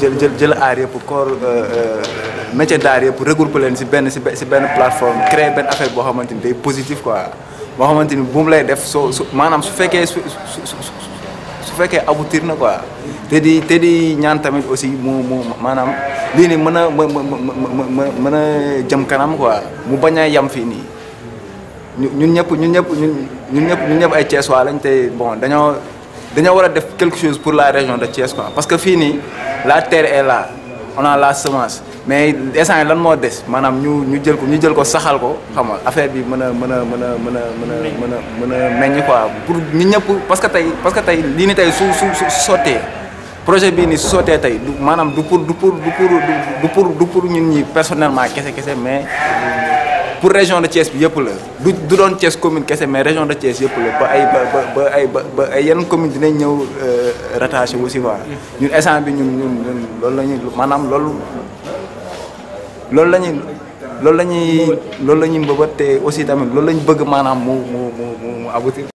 jël jël jël aar yëpp corps euh, euh, métier d'art yëpp regrouper leen si benn si si benn plateforme créer benn affaire boo xamante day positif quoi boo xamante ni bu mu lay def soo su maanaam su fekkee su su fekkee aboutir na quoi te di te di ñaan tamit aussi mu mu maanaam lii nii mën a më më mën jëm kanam quoi mu bañ yam fii nii ñun ñëpp ñun ñëpp ñun ñëpp ñun ñëpp ay Thiès lañ te bon dañoo dañoo war a def quelque chose pour la région de Thiès quoi parce que fii la terre est là on a la semence mais instant lan moo des maanaam ñu ñu jël ko ñu jël ko saxal ko xam nga affaire bi mën a mën a mën a mën a mën a mën a meññ quoi pour ñu ñëpp parce que tey parce que tey lii ni tey su su su sottee projet bii ni su sottee tey du maanaam du pour du pour du pour du pour du pour ñun ñi personnellement kese kese mais. pour région de Thiès bi yëpp la du du doon Thiès commune kese mais région de Thiès yëpp la ba ay ba ba ay ba ay yenn commune dinañ ñëw euh, rattaché wu si waa ñun essence bi ñun ñun ñun loolu la ñuy maanaam loolu loolu loolu la ñuy loolu la ñuy mbëbët te aussi tamit loolu la ñu bëgg maanaam mu mu mu mu